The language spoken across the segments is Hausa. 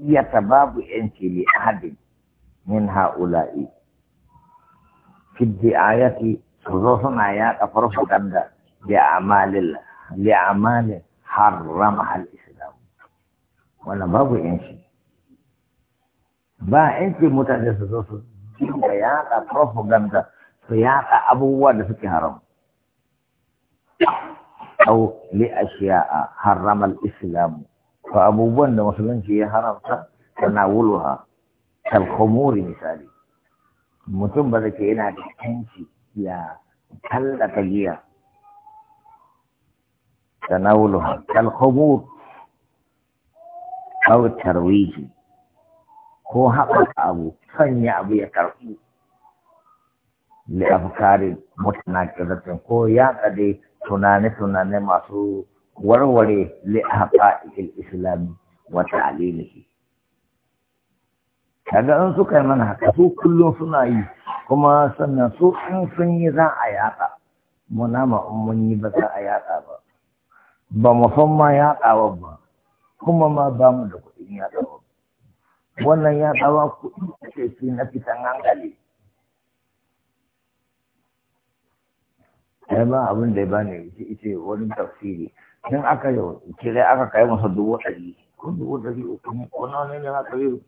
Iyata babu yanci li ahadin min ha'ula'i fi di'ayati su zo suna yaɗa farfaganda da amalin li'amalin haram al-islam wannan babu yanci ba yanci mutane su zo su dinga yaɗa propaganda su yaɗa abubuwa da suke haram au li حرم harrama fa abubuwan da musulunci ya haramta tana wuluha kalkomuri misali mutum ba zai yana da kanci ya tallata giya tana wuluha kalkomur kawai tarwiji ko haɓaka abu sanya abu ya karfi da afkarin mutane ko ya dai tunane-tunane masu warware li'aqa'il islami wa ta'lilihi kaga an suka yi mana haka su kullum suna yi kuma sannan su in sun yi za a yaɗa mu nama in yi ba za a yaɗa ba ba mu san ma ba kuma ma ba mu da kuɗin yaɗawa wannan yaɗawa kuɗi ce ce na fitan hankali ai ba abin da ya bani ita wani tafsiri in aka yau kira aka kai masa dubu ɗari ko dubu ɗari uku ne ko nawa ne ne ma yi?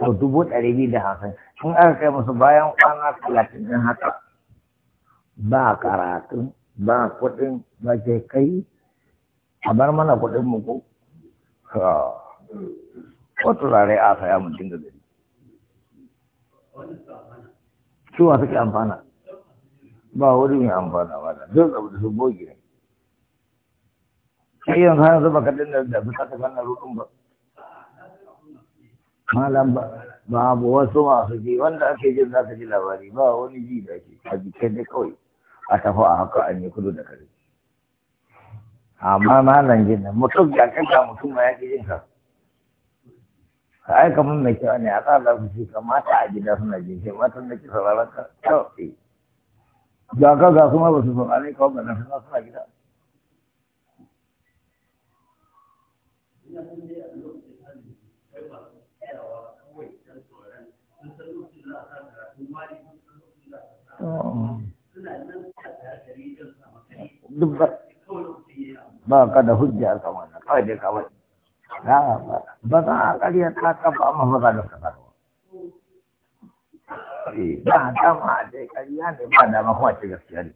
to dubu ɗari biyu da hamsin in aka kai masa bayan kwana talatin ɗin haka ba karatun ba kuɗin ba ke kai a bar mana kuɗin mu ko ko turare a saya mun dinga gari su suke amfana ba wuri mai amfana ba da duk abu da su bogi ne sai yin hana zuba kaɗin da da su kasa kan rudin ba malam ba babu wasu masu ji wanda ake jin za ka ji labari ba wani ji da ke a jikin da kawai a tafi a haka an yi kudu da kare amma nan jin nan mutum ya kanta mutum ma ya ƙi jin ka ka aika mun mai kyau ne a tsara su shi kamata a gida suna jin shi matan da ke sauraron ka kyau eh. ga ka ga kuma ba su saurare ka ba na fasa suna gida ba ka da hujja kawai kawai ba za a ƙarya ta kafa amma ba za da Eh, ba dama dai ƙarya ne ba dama kuma ce gaskiya ne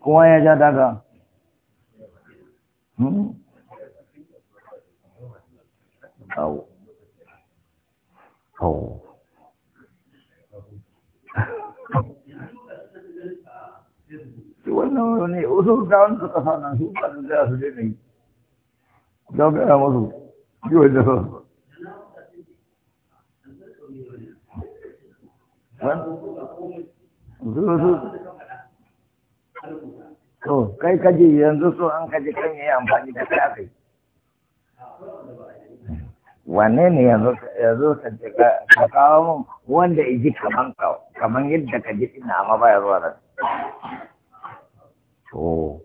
Kuma ya ja daga hmm? Wannan wani da wani suka sanar su da su ne. masu, yi to kai kaje yanzu so an kaje kan yi amfani da kai akai ne yanzu ka kawo mun wanda iji kaman kaman yadda ka ji ina amma ya zuwa nan to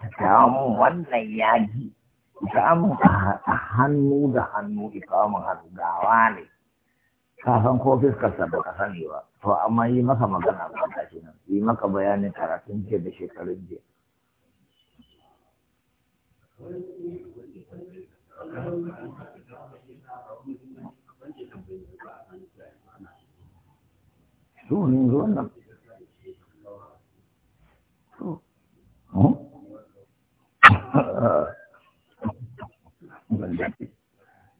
ka kawo mun wannan yaji ka kawo mun a hannu da hannu ka kawo mun hannu gawa ne kafan ko fiskarsa ba ka sani ba to amma yi maka magana ba ta ce nan yi maka bayanin karatun ke da shekarun jiya su ne zuwan nan Oh. Oh.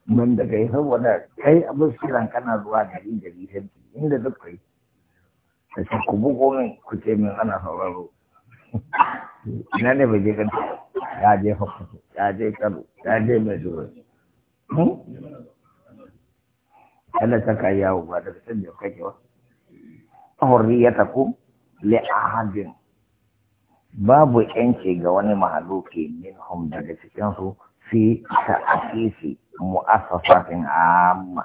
don da kai saboda kai abin kiran kana zuwa gari da lisanci inda duk kai ta ce ku bugo min ku ce min ana sauraro ina ne bai je kan ya je fafaso ya je kano ya je mai zuwa Kada ta kai yawo ba daga can da kake ba hurriyatakum li ahadin babu yanci ga wani mahaluki hum daga cikin su fi ta'asisi mu'assasatin amma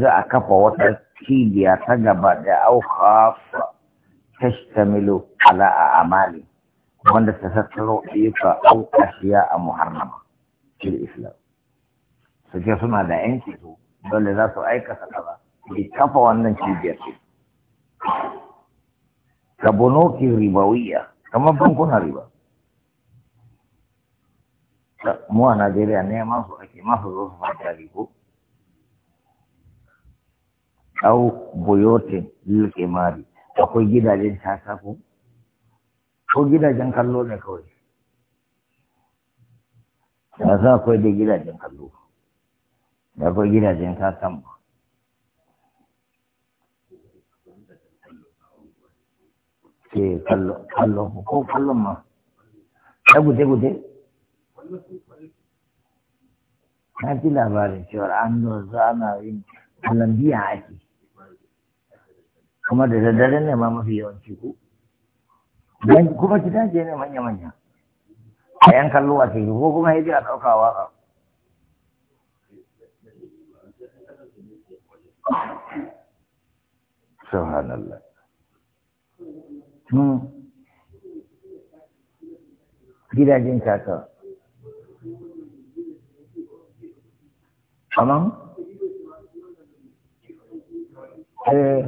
za a kafa wata cibiya ta gaba da auka tashtamilu ala amali wanda ta tattaro ayyuka au ashiya a muharrama fil islam su suna da yanki su dole za su aikata kaza ki kafa wannan cibiyar ce ka bonoki ribawiya kamar bankunan riba mu a Najeriya ne masu ake masu zo su fata riko au Boyote lilke mari akwai gidajen sako, ko gidajen kallo ne kawai da za akwai da gidajen kallo da akwai gidajen katako eh, ke kallo ko kallon ma ta guje-guje na ji labarin cewar an zo ana yin lambiya ake kuma da daddare ne ma mafi yawanci ku kuma gidaje ne manya-manya a yan kallo a ciki ko kuma ya a ɗauka a subhanallah hmm. gidajen kaka Tamam. Eh.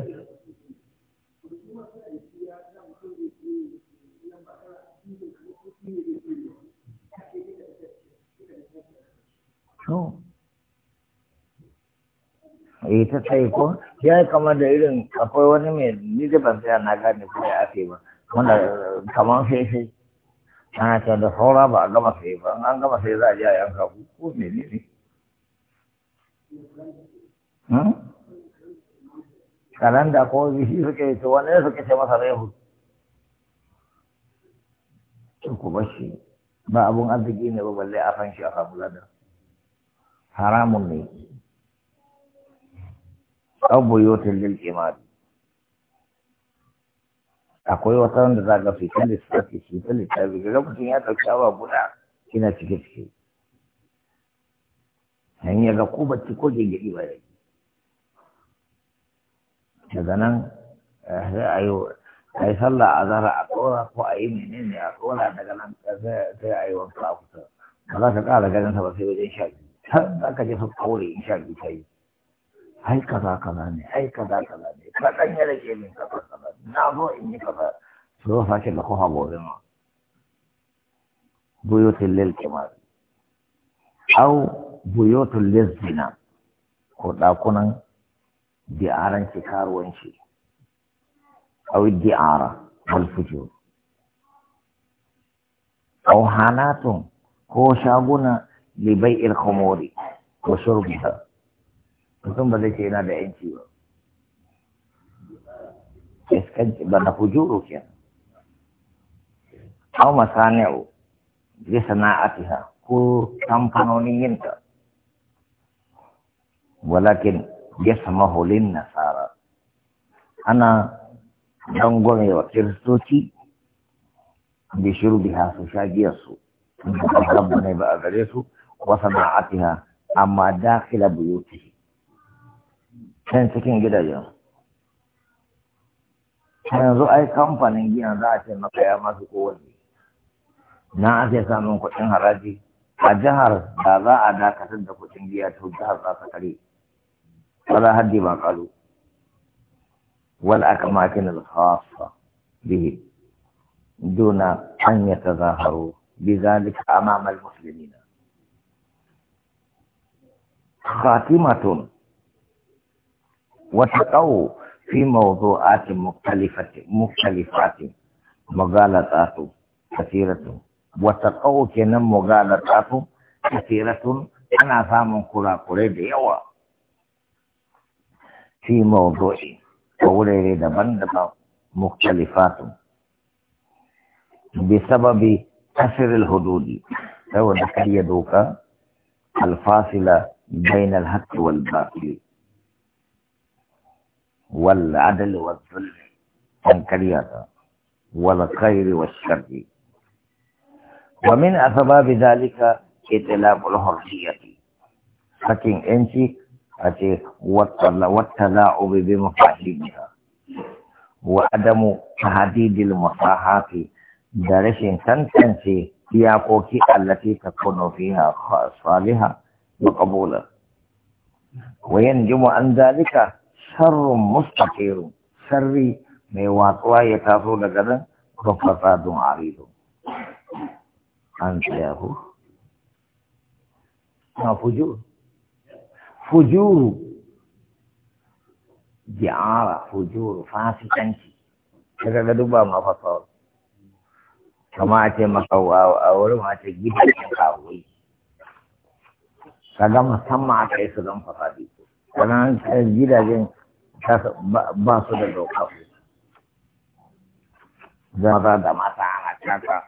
No. ta tsaye ko ya kama da irin akwai wani mai ni ban tsaya na gane ko ya ake ba wanda kamar sai sai ana da saura ba a gama sai ba an gama sai za a a yanka ko ne ne Hmm? kanan da ko bishi suke ce wani suke ce masa rehu to ku bashi ba abun arziki ne ba balle a fanshi a samu ladar haramun ne abu ta lil imani akwai wata wanda za ga fitan lissafi shi ta lissafi ga mutum ya ɗauki awa guda kina cike cike hanyar ga ko bacci ko gengedi ba yake daga nan eh, sai a yi a yi sallah a zara a tsora ko a yi menene a tsora daga nan eh, sai a yi wanka a kusa ba za ka ƙara ganin sa ba sai wajen sha biyu har za ka je su kore in sha biyu ta yi ai kaza kaza ne ai kaza kaza ne ka ɗan ya rage min kaza kaza na zo in yi kaza su zo sake da kofa gobe ma buyutun lil kimar au buyutun lil zina ko ɗakunan دعارة انتكار وانشي أو الدعارة والفجور أو حانات كوشابنا لبيع الخمور وشربها ثم بدأت هنا بأنشي يسكن بنا فجور كيان أو مصانع لصناعتها كو تمكنون ينتا ولكن yasmahu lin nasara ana dangwame wa kiristoci bi shurbiha su sha giyarsu rabu ne ba a gare su wa sana'atiha amma dakila buyutihi can cikin gidajen yanzu ai kamfanin gina za a ce maka ya masu kowanne na ake samun kuɗin haraji a jihar da za a dakatar da kuɗin giya to jihar za ta kare على حد ما قالوا والأماكن الخاصة به دون أن يتظاهروا بذلك أمام المسلمين خاتمة وتقوا في موضوعات مختلفة مختلفات مغالطات كثيرة وتقوا كنا مغالطات كثيرة أنا فاهم كرا كرا ديوا في موضوعي وولي ريدا دبن مختلفات بسبب كسر الحدود لو ذكر يدوك الفاصلة بين الحق والباطل والعدل والظلم تنكرياتا والخير والشر ومن أسباب ذلك إتلاف الحرية لكن أنت أتي والتلاعب بمفاهيمها وعدم تهديد المصاحات درش تنتنسي إياقوك التي تكون فيها صالحة وقبولا وينجم عن ذلك شر مستقير شر ميواتوا يتاسو لقد وفساد عريض أنت يا هو ما فجور fujuru ji'ara fujuru fasikanci daga ga duba ma fasawar kama a ce maka a wurin a ce ka wuri kaga musamman a kai su don fasadi sannan gidajen ba su da doka za da mata ana kaka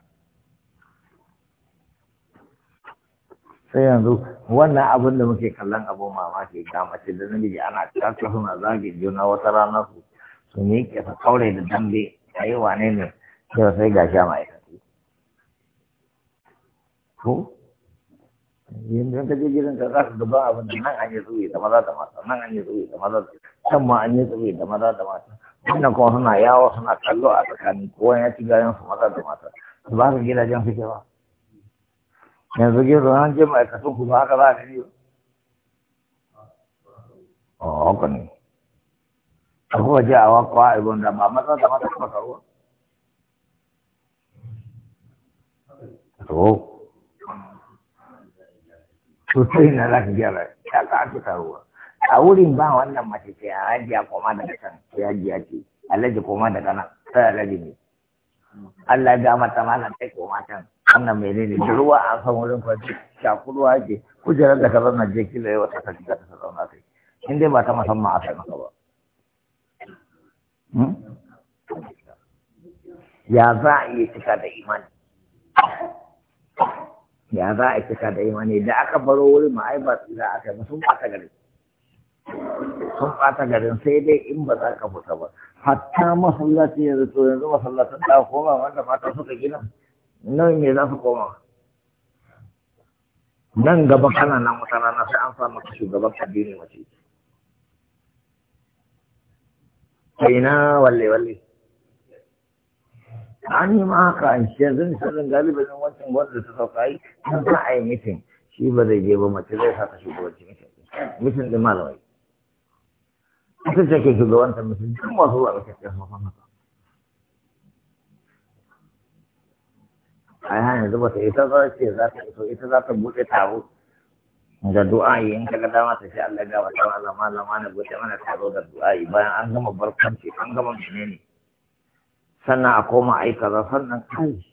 sai yanzu wannan abin da muke kallon abu mamaki ga mace da namiji ana tsaka suna zagin juna wata rana su su miƙe su kaure da dambe a yi wane ne sai sai gashi a ma'aikatu ko yanzu ka je gidan ka za ka gaba abin da nan an yi tsuri da maza da mata nan an yi tsuri da maza da can ma an yi tsuri da maza da mata wannan kuma suna yawo suna kallo a tsakanin kowa ya ci gayan su maza da mata ba ka gidajen suke ba yanzu gero an je ma'aikatan ku kuma haka za a gani ba a haka ne a kuma je a wakwa a ibon da ba maza da mata kuma karuwa to sosai na za ka gyara ya ka ake karuwa a wurin ba wannan mace ce a hajiya koma daga can sai hajiya ce alhaji koma daga nan sai alhaji ne Allah ya ga mata malam sai koma can wannan menene da ruwa a kan wurin kwanci shaku ruwa ke kujerar da ka zauna je kila yau ta shiga ta zauna kai in dai ba ta musamman a kai maka ba hmm? ya za a iya cika da imani ya za a cika da imani da aka baro wurin ma ai ba za a kai ba sun ba ta gari sun ɓata garin sai dai in ba za ka fita ba hatta masallaci yanzu to yanzu masallacin da koma wanda fata suka gina nan me za su koma nan gaba kana nan mutana na sai an samu ka shugaban addini mace sai na walle walle an yi ma haka an shi yanzu sanin galibin wancan wanda ta sauka yi an za a yi mitin shi ba zai je ba mace zai sa ka shugabanci mitin mitin din malamai ita ce ke shugabantar mitin duk masu zuwa ba ta ce sun san haka ai har yanzu ta ita za ce za ta ita za ta buɗe taro da du'a'i in dama ta sha Allah ga wata malama na buɗe mana taro da du'a'i bayan an gama barkanci an gama menene sannan a koma ai kaza sannan kai